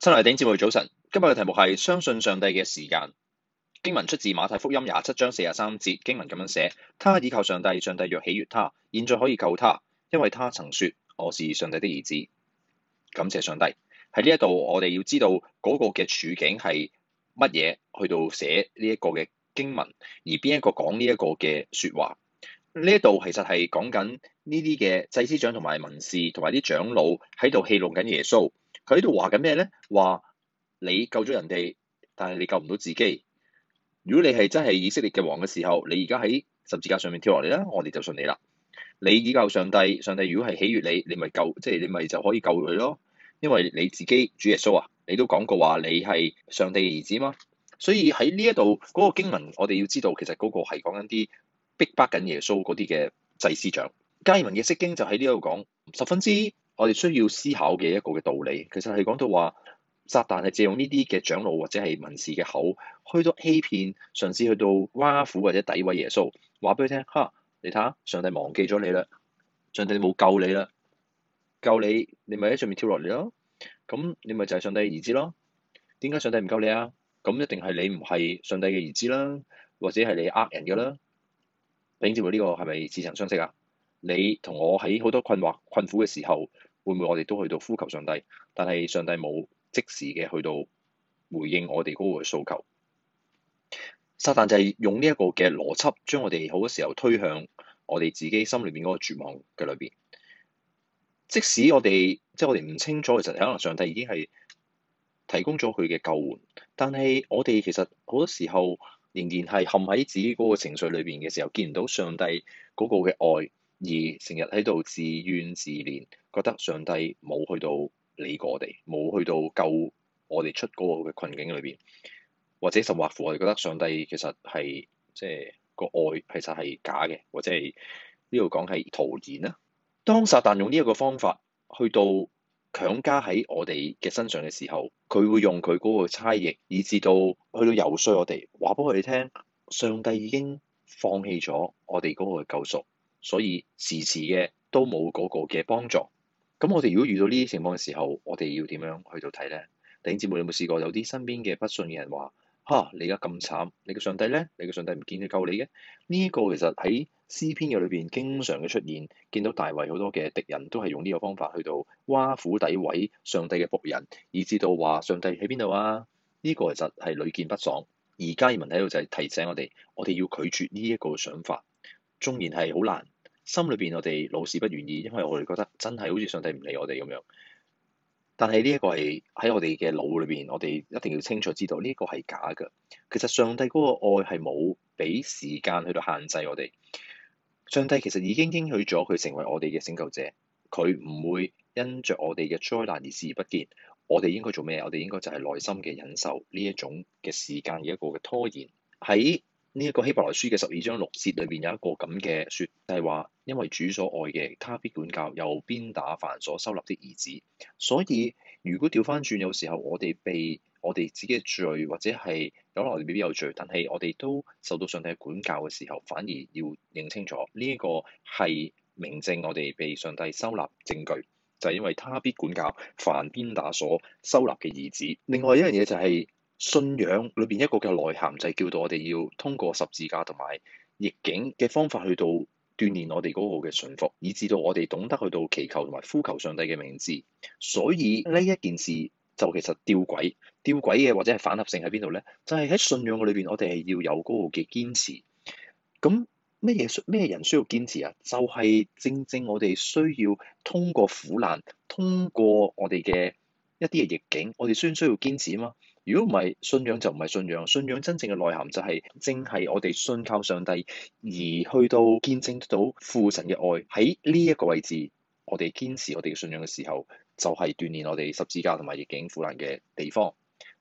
新亞頂節目早晨，今日嘅題目係相信上帝嘅時間。經文出自馬太福音廿七章四十三節，經文咁樣寫：他倚靠上帝，上帝若喜悅他，現在可以救他，因為他曾說：我是上帝的兒子。感謝上帝。喺呢一度，我哋要知道嗰個嘅處境係乜嘢，去到寫呢一個嘅經文，而邊一個講呢一個嘅說話。呢一度其實係講緊呢啲嘅祭司長同埋文士同埋啲長老喺度戲弄緊耶穌。佢喺度話緊咩咧？話你救咗人哋，但係你救唔到自己。如果你係真係以色列嘅王嘅時候，你而家喺十字架上面跳落嚟啦，我哋就信你啦。你依靠上帝，上帝如果係喜悅你，你咪救，即係你咪就可以救佢咯。因為你自己主耶穌啊，你都講過話你係上帝嘅兒子嘛。所以喺呢一度嗰個經文，我哋要知道，其實嗰個係講緊啲逼迫緊耶穌嗰啲嘅祭司長。加爾文嘅釋經就喺呢一度講，十分之。我哋需要思考嘅一個嘅道理，其實係講到話撒旦係借用呢啲嘅長老或者係文士嘅口，去到欺騙，嘗試去到挖苦或者詆毀耶穌，話俾佢聽吓，你睇下上帝忘記咗你啦，上帝冇救你啦，救你你咪喺上面跳落嚟咯，咁你咪就係上帝嘅兒子咯，點解上帝唔救你啊？咁一定係你唔係上帝嘅兒子啦，或者係你呃人嘅啦。弟兄姊妹，呢個係咪似曾相識啊？你同我喺好多困惑困苦嘅時候。會唔會我哋都去到呼求上帝，但係上帝冇即時嘅去到回應我哋嗰個訴求？撒旦就係用呢一個嘅邏輯，將我哋好多時候推向我哋自己心裏面嗰個絕望嘅裏邊。即使我哋即係我哋唔清楚，其實可能上帝已經係提供咗佢嘅救援，但係我哋其實好多時候仍然係陷喺自己嗰個情緒裏邊嘅時候，見唔到上帝嗰個嘅愛。而成日喺度自怨自憐，覺得上帝冇去到理過我哋，冇去到救我哋出嗰個嘅困境裏邊，或者甚至乎我哋覺得上帝其實係即係個愛其實係假嘅，或者係呢度講係徒然啦、啊。當撒旦用呢一個方法去到強加喺我哋嘅身上嘅時候，佢會用佢嗰個差役，以致到去到遊説我哋話俾我哋聽，上帝已經放棄咗我哋嗰個救贖。所以時遲嘅都冇嗰個嘅幫助。咁我哋如果遇到呢啲情況嘅時候，我哋要點樣去到睇咧？弟兄姊妹有冇試過有啲身邊嘅不信嘅人話：嚇、啊、你而家咁慘，你嘅上帝咧，你嘅上帝唔見得救你嘅。呢一個其實喺詩篇嘅裏邊經常嘅出現，見到大衛好多嘅敵人都係用呢個方法去到挖苦、詆毀上帝嘅僕人，以至到話上帝喺邊度啊？呢、這個其實係屢見不爽。而加爾文喺度就係提醒我哋，我哋要拒絕呢一個想法。縱然係好難，心裏邊我哋老是不願意，因為我哋覺得真係好似上帝唔理我哋咁樣。但係呢一個係喺我哋嘅腦裏邊，我哋一定要清楚知道呢一個係假嘅。其實上帝嗰個愛係冇俾時間去到限制我哋。上帝其實已經應許咗佢成為我哋嘅拯救者，佢唔會因着我哋嘅災難而視而不見。我哋應該做咩？我哋應該就係耐心嘅忍受呢一種嘅時間嘅一個嘅拖延喺。呢一個希伯來書嘅十二章六節裏邊有一個咁嘅説，就係話，因為主所愛嘅，他必管教，又鞭打凡所收納的兒子。所以如果調翻轉，有時候我哋被我哋自己嘅罪，或者係有來我哋有罪，但係我哋都受到上帝嘅管教嘅時候，反而要認清楚，呢一個係明證我哋被上帝收納證據，就係因為他必管教，凡鞭打所收納嘅兒子。另外一樣嘢就係。信仰裏邊一個嘅內涵就係叫到我哋要通過十字架同埋逆境嘅方法去到鍛鍊我哋嗰個嘅信服，以至到我哋懂得去到祈求同埋呼求上帝嘅名字。所以呢一件事就其實吊軌詭吊詭嘅或者係反合性喺邊度咧？就係、是、喺信仰嘅裏邊，我哋係要有嗰個嘅堅持。咁咩嘢咩人需要堅持啊？就係、是、正正我哋需要通過苦難，通過我哋嘅一啲嘅逆境，我哋先需，需要堅持啊！如果唔係信仰就唔係信仰，信仰真正嘅內涵就係正係我哋信靠上帝而去到見證得到父神嘅愛。喺呢一個位置，我哋堅持我哋嘅信仰嘅時候，就係、是、鍛鍊我哋十字架同埋逆境苦難嘅地方。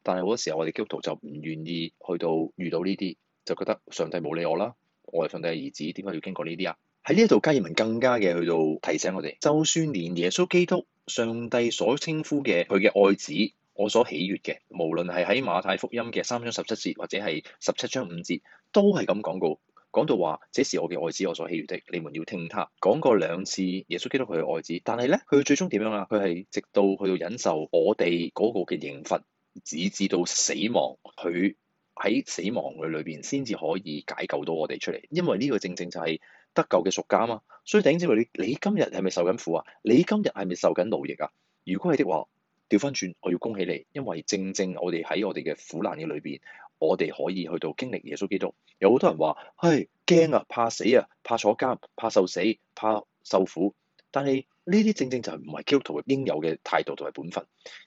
但係好多時候我哋基督徒就唔願意去到遇到呢啲，就覺得上帝冇理我啦。我哋上帝嘅兒子，點解要經過呢啲啊？喺呢一度加爾文更加嘅去到提醒我哋，就算連耶穌基督，上帝所稱呼嘅佢嘅愛子。我所喜悅嘅，無論係喺馬太福音嘅三章十七節或者係十七章五節，都係咁講過，講到話這是我嘅愛子，我所喜悅的，你們要聽他。講過兩次，耶穌基督佢嘅愛子，但係咧，佢最終點樣啊？佢係直到去到忍受我哋嗰個嘅刑罰，直至到死亡，佢喺死亡嘅裏邊先至可以解救到我哋出嚟。因為呢個正正就係得救嘅贖價啊嘛。所以頂少你，你今日係咪受緊苦啊？你今日係咪受緊奴役啊？如果係的話。調翻轉，我要恭喜你，因為正正我哋喺我哋嘅苦難嘅裏邊，我哋可以去到經歷耶穌基督。有好多人話，唉、哎，驚啊，怕死啊，怕坐監，怕受死，怕受苦。但係呢啲正正就係唔係基督徒嘅應有嘅態度同埋本分，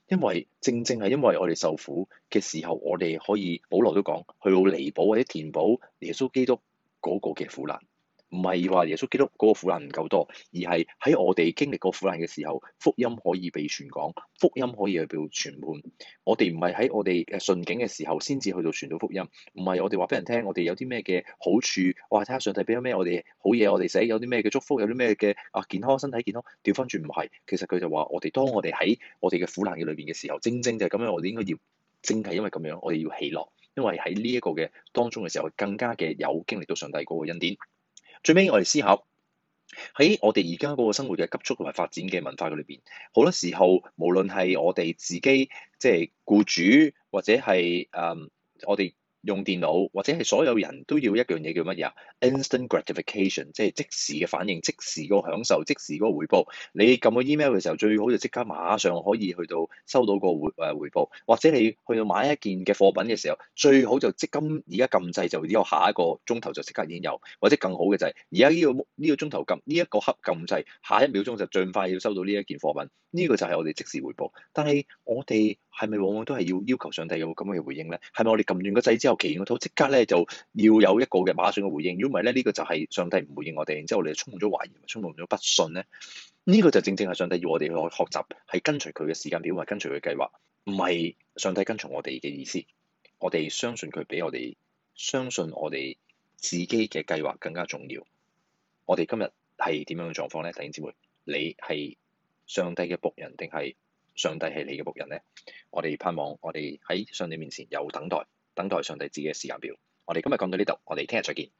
因為正正係因為我哋受苦嘅時候，我哋可以，保羅都講去到彌補或者填補耶穌基督嗰個嘅苦難。唔係話耶穌基督嗰個苦難唔夠多，而係喺我哋經歷過苦難嘅時候，福音可以被傳講，福音可以被去到傳判。我哋唔係喺我哋嘅順境嘅時候先至去到傳道福音，唔係我哋話俾人聽，我哋有啲咩嘅好處，哇！睇下上帝俾咗咩，我哋好嘢，我哋寫有啲咩嘅祝福，有啲咩嘅啊健康身體健康。調翻轉唔係，其實佢就話我哋當我哋喺我哋嘅苦難嘅裏邊嘅時候，正正就係咁樣，我哋應該要正係因為咁樣，我哋要喜樂，因為喺呢一個嘅當中嘅時候，更加嘅有經歷到上帝嗰個恩典。最尾我哋思考，喺我哋而家嗰個生活嘅急速同埋發展嘅文化裏邊，好多時候無論係我哋自己，即係雇主或者係誒、嗯、我哋。用電腦或者係所有人都要一樣嘢叫乜嘢？Instant gratification，即係即時嘅反應，即時嗰個享受，即時嗰個回報。你撳個 email 嘅時候，最好就即刻馬上可以去到收到個回誒回報。或者你去到買一件嘅貨品嘅時候，最好就即今而家撳掣就呢個下一個鐘頭就即刻已經有。或者更好嘅就係、是，而家呢個呢、這個鐘頭撳呢一個刻撳掣，下一秒鐘就最快要收到呢一件貨品。呢、這個就係我哋即時回報。但係我哋。係咪往往都係要要求上帝有咁嘅回應咧？係咪我哋撳完個掣之後，祈完個禱即刻咧就要有一個嘅馬上嘅回應？如果唔係咧，呢個就係上帝唔回應我哋，然之後我哋就充滿咗懷疑，充滿咗不信咧。呢個就正正係上帝要我哋去學習，係跟隨佢嘅時間表，或跟隨佢計劃，唔係上帝跟隨我哋嘅意思。我哋相信佢比我哋相信我哋自己嘅計劃更加重要。我哋今日係點樣嘅狀況咧，弟兄姊妹？你係上帝嘅僕人定係？上帝係你嘅僕人咧，我哋盼望我哋喺上帝面前有等待，等待上帝自己嘅時間表。我哋今日講到呢度，我哋聽日再見。